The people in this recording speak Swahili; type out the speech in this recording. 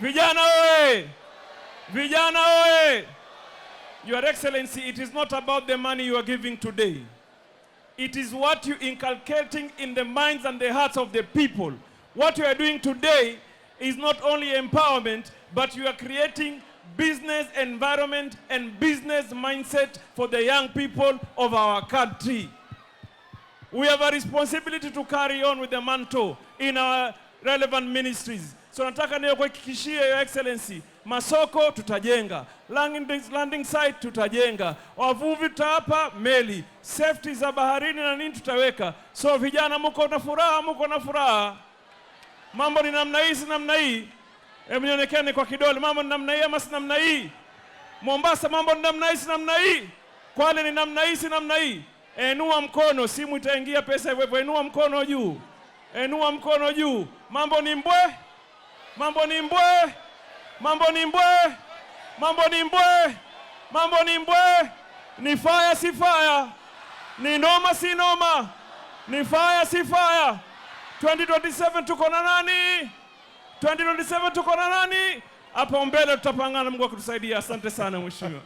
Vijana oye! Vijana oye! Your Excellency, it is not about the money you are giving today. It is what you inculcating in the minds and the hearts of the people. What you are doing today is not only empowerment, but you are creating business environment and business mindset for the young people of our country. We have a responsibility to carry on with the mantle in our relevant ministries. So nataka niyo kuhakikishia your excellency, masoko tutajenga, landing site tutajenga, wavuvi tutawapa meli, safety za baharini na nini tutaweka. So vijana, muko na furaha, muko na furaha, mambo ni namna hii, si namna hii? Hebu nionekane kwa kidole, mambo ni namna hii ama si namna hii? Mombasa, mambo ni namna hii, si namna hii? Kwale ni namna hii, si namna hii? Enua mkono, simu itaingia pesa hivyo hivyo. Enua mkono juu, enua mkono juu, mambo ni mbwe Mambo ni mbwe, mambo ni mbwe, mambo ni mbwe, mambo ni mbwe. Ni faya si faya, ni noma si noma, ni faya si faya. 2027 tuko na nani? 2027 tuko na nani? Hapo mbele tutapangana, Mungu akutusaidia Asante sana mheshimiwa.